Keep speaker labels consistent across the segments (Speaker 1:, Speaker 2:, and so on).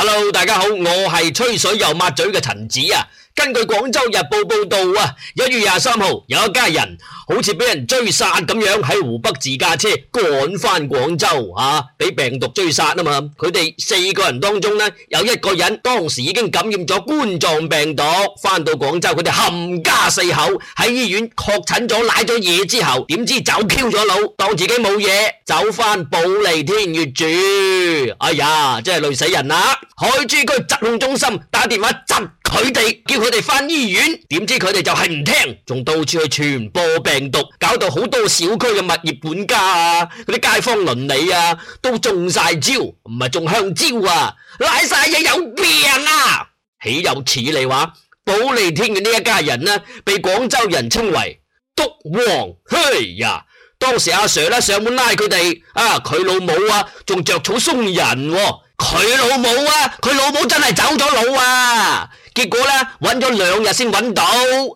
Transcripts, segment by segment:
Speaker 1: hello，大家好，我係吹水又抹嘴嘅陳子啊。根據廣州日報報道啊，一月廿三號有一家人好似俾人追殺咁樣，喺湖北自駕車趕翻廣州啊，俾病毒追殺啊嘛。佢哋四個人當中呢，有一個人當時已經感染咗冠狀病毒，翻到廣州，佢哋冚家四口喺醫院確診咗，拉咗嘢之後，點知走 Q 咗佬，當自己冇嘢走翻保利天悅住。哎呀，真係累死人啦！海珠區疾控中心打電話窒佢哋，叫佢哋翻醫院。點知佢哋就係唔聽，仲到處去傳播病毒，搞到好多小區嘅物業管家啊，嗰啲街坊鄰里啊都中晒招，唔係中香蕉啊，拉晒嘢有病啊！豈有此理話？保利天嘅呢一家人呢，啊，被廣州人稱為毒王。嘿呀，當時阿，啊、Sir 啦上門拉佢哋，啊佢老母啊，仲着草鬆人，啊。佢老母啊！佢老母真係走咗佬啊！結果呢，揾咗兩日先揾到。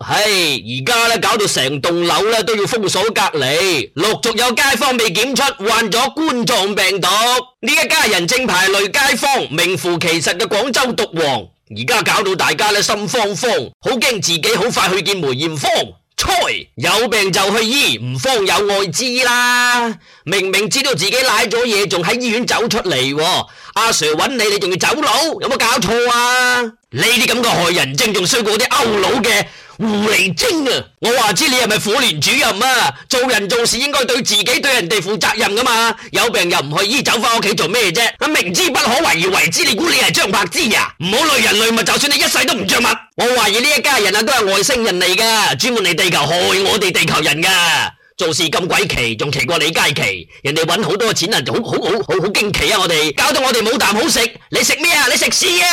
Speaker 1: 唉，而家呢，搞到成棟樓咧都要封鎖隔離，陸續有街坊被檢出患咗冠狀病毒。呢一家人正牌累街坊，名副其實嘅廣州毒王，而家搞到大家呢，心慌慌，好驚自己好快去見梅艷芳。有病就去醫，唔方有外支啦。明明知道自己舐咗嘢，仲喺醫院走出嚟啊。阿 sir 揾你，你仲要走佬，有冇搞錯啊？呢啲咁嘅害人精仲衰過啲歐佬嘅。狐狸精啊！我話知你係咪婦聯主任啊？做人做事應該對自己、對人哋負責任噶嘛？有病又唔去醫，走翻屋企做咩啫？啊，明知不可為而為之，你估你係張柏芝啊？唔好累人累物，就算你一世都唔着物。我懷疑呢一家人啊都係外星人嚟噶，專門嚟地球害我哋地球人噶。做事咁鬼奇，仲奇過李佳琪。人哋揾好多錢啊，就好好好好好驚奇啊！我哋搞到我哋冇啖好食，你食咩啊？你食屎啊！